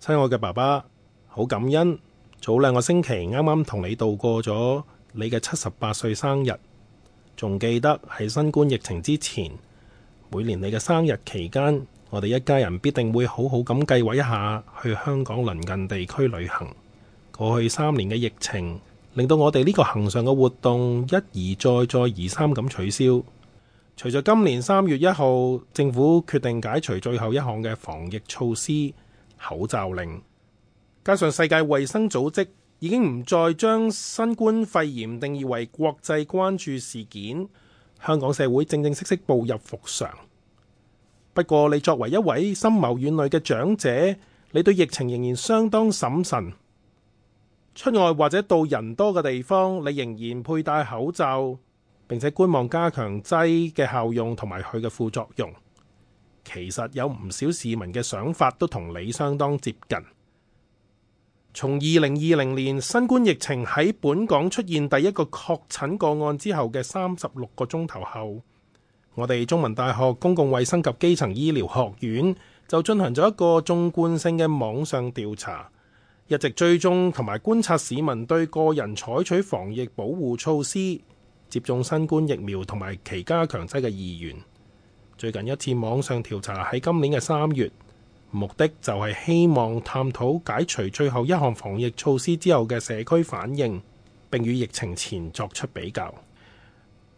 親愛嘅爸爸，好感恩！早兩個星期啱啱同你度過咗你嘅七十八歲生日，仲記得喺新冠疫情之前，每年你嘅生日期間，我哋一家人必定會好好咁計劃一下去香港鄰近地區旅行。過去三年嘅疫情令到我哋呢個恆常嘅活動一而再再而三咁取消。隨着今年三月一號政府決定解除最後一項嘅防疫措施，口罩令，加上世界衛生組織已經唔再將新冠肺炎定義為國際關注事件，香港社會正正式式步入復常。不過，你作為一位深謀遠慮嘅長者，你對疫情仍然相當審慎。出外或者到人多嘅地方，你仍然佩戴口罩，並且觀望加強劑嘅效用同埋佢嘅副作用。其實有唔少市民嘅想法都同你相當接近。從二零二零年新冠疫情喺本港出現第一個確診個案之後嘅三十六個鐘頭後，我哋中文大學公共衛生及基層醫療學院就進行咗一個縱貫性嘅網上調查，一直追蹤同埋觀察市民對個人採取防疫保護措施、接種新冠疫苗同埋其加強劑嘅意願。最近一次網上調查喺今年嘅三月，目的就係希望探討解除最後一項防疫措施之後嘅社區反應，並與疫情前作出比較。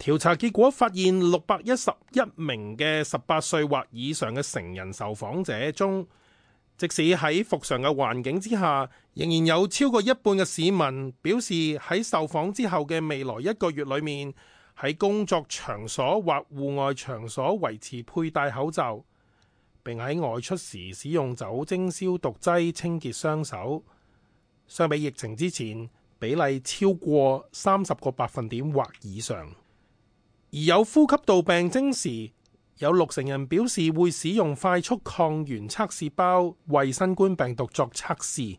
調查結果發現，六百一十一名嘅十八歲或以上嘅成人受訪者中，即使喺復常嘅環境之下，仍然有超過一半嘅市民表示喺受訪之後嘅未來一個月裏面，喺工作場所或戶外場所維持佩戴口罩，並喺外出時使用酒精消毒劑清潔雙手。相比疫情之前，比例超過三十個百分點或以上。而有呼吸道病徵時，有六成人表示會使用快速抗原測試包為新冠病毒作測試，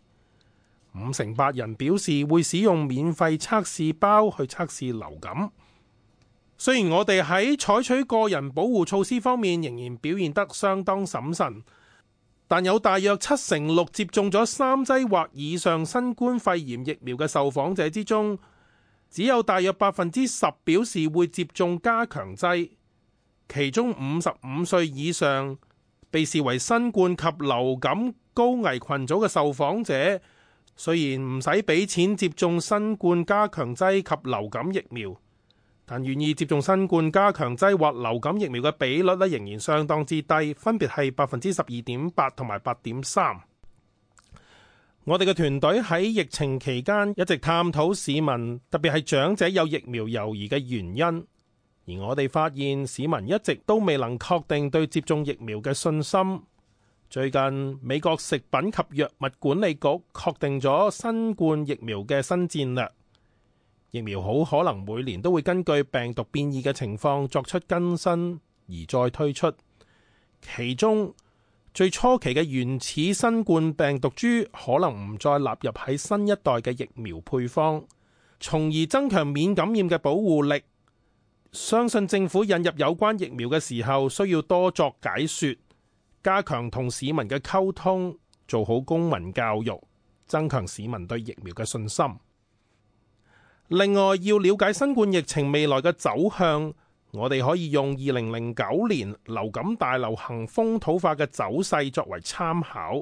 五成八人表示會使用免費測試包去測試流感。雖然我哋喺採取個人保護措施方面仍然表現得相當審慎，但有大約七成六接種咗三劑或以上新冠肺炎疫苗嘅受訪者之中，只有大約百分之十表示會接種加強劑。其中五十五歲以上被視為新冠及流感高危群組嘅受訪者，雖然唔使俾錢接種新冠加強劑及流感疫苗，但願意接種新冠加強劑或流感疫苗嘅比率呢，仍然相當之低，分別係百分之十二點八同埋八點三。我哋嘅團隊喺疫情期間一直探討市民特別係長者有疫苗猶疑嘅原因，而我哋發現市民一直都未能確定對接種疫苗嘅信心。最近美國食品及藥物管理局確定咗新冠疫苗嘅新戰略。疫苗好可能每年都會根據病毒變異嘅情況作出更新而再推出，其中最初期嘅原始新冠病毒株可能唔再納入喺新一代嘅疫苗配方，從而增強免感染嘅保護力。相信政府引入有關疫苗嘅時候，需要多作解說，加強同市民嘅溝通，做好公民教育，增強市民對疫苗嘅信心。另外，要了解新冠疫情未來嘅走向，我哋可以用二零零九年流感大流行風土化嘅走勢作為參考。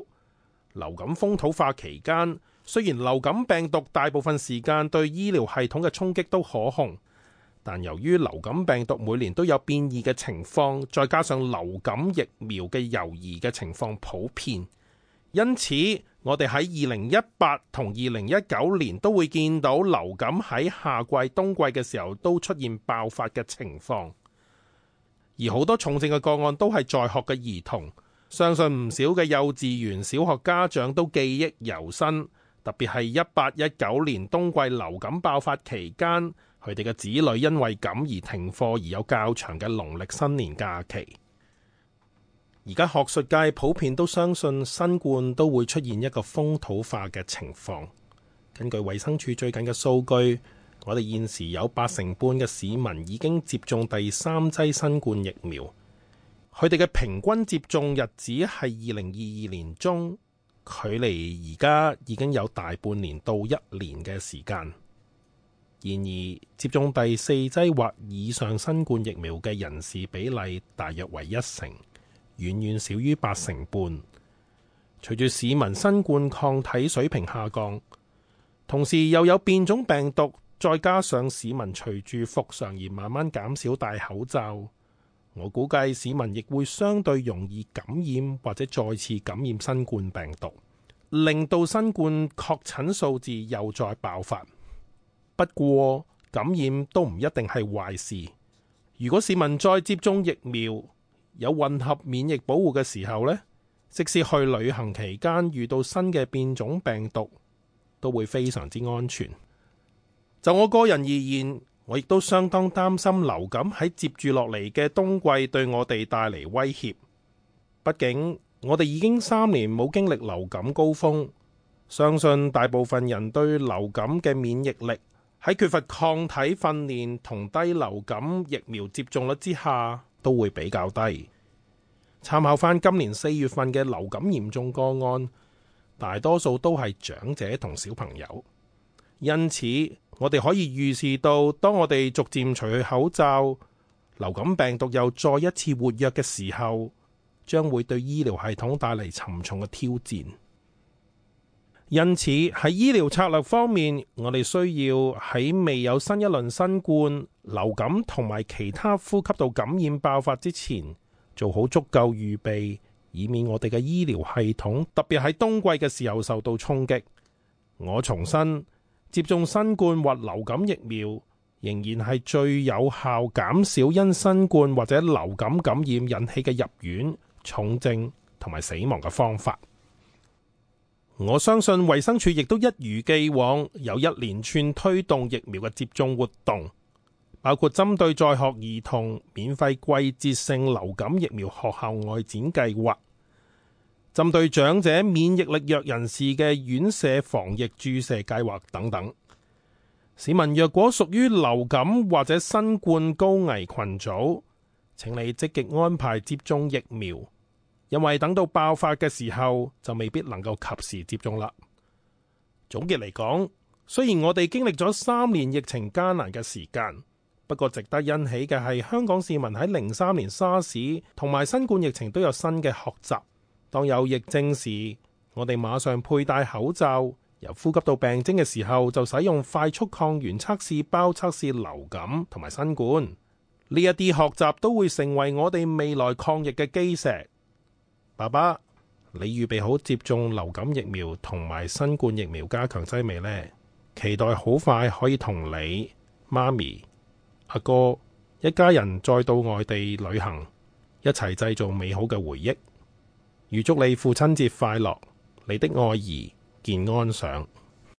流感風土化期間，雖然流感病毒大部分時間對醫療系統嘅衝擊都可控，但由於流感病毒每年都有變異嘅情況，再加上流感疫苗嘅猶疑嘅情況普遍。因此，我哋喺二零一八同二零一九年都會見到流感喺夏季、冬季嘅時候都出現爆發嘅情況，而好多重症嘅個案都係在學嘅兒童。相信唔少嘅幼稚園、小學家長都記憶猶新，特別係一八一九年冬季流感爆發期間，佢哋嘅子女因為噉而停課而有較長嘅農曆新年假期。而家學術界普遍都相信新冠都會出現一個風土化嘅情況。根據衛生署最近嘅數據，我哋現時有八成半嘅市民已經接種第三劑新冠疫苗，佢哋嘅平均接種日子係二零二二年中，距離而家已經有大半年到一年嘅時間。然而，接種第四劑或以上新冠疫苗嘅人士比例大約為一成。遠遠少於八成半，隨住市民新冠抗體水平下降，同時又有變種病毒，再加上市民隨住復常而慢慢減少戴口罩，我估計市民亦會相對容易感染，或者再次感染新冠病毒，令到新冠確診數字又再爆發。不過，感染都唔一定係壞事，如果市民再接種疫苗。有混合免疫保護嘅時候呢，即使去旅行期間遇到新嘅變種病毒，都會非常之安全。就我個人而言，我亦都相當擔心流感喺接住落嚟嘅冬季對我哋帶嚟威脅。畢竟我哋已經三年冇經歷流感高峰，相信大部分人對流感嘅免疫力喺缺乏抗體訓練同低流感疫苗接種率之下，都會比較低。參考返今年四月份嘅流感嚴重個案，大多數都係長者同小朋友，因此我哋可以預示到，當我哋逐漸除去口罩，流感病毒又再一次活躍嘅時候，將會對醫療系統帶嚟沉重嘅挑戰。因此喺醫療策略方面，我哋需要喺未有新一輪新冠流感同埋其他呼吸道感染爆發之前，做好足夠預備，以免我哋嘅醫療系統特別喺冬季嘅時候受到衝擊。我重申，接種新冠或流感疫苗仍然係最有效減少因新冠或者流感感染引起嘅入院、重症同埋死亡嘅方法。我相信衞生署亦都一如既往有一連串推動疫苗嘅接種活動，包括針對在學兒童免費季節性流感疫苗學校外展計劃，針對長者免疫力弱人士嘅院舍防疫注射計劃等等。市民若果屬於流感或者新冠高危群組，請你積極安排接種疫苗。因為等到爆發嘅時候就未必能夠及時接種啦。總結嚟講，雖然我哋經歷咗三年疫情艱難嘅時間，不過值得欣喜嘅係，香港市民喺零三年沙士同埋新冠疫情都有新嘅學習。當有疫症時，我哋馬上佩戴口罩；由呼吸道病徵嘅時候就使用快速抗原測試包測試流感同埋新冠。呢一啲學習都會成為我哋未來抗疫嘅基石。爸爸，你預備好接種流感疫苗同埋新冠疫苗加強劑未呢？期待好快可以同你、媽咪、阿哥一家人再到外地旅行，一齊製造美好嘅回憶。預祝你父親節快樂！你的愛兒健安上。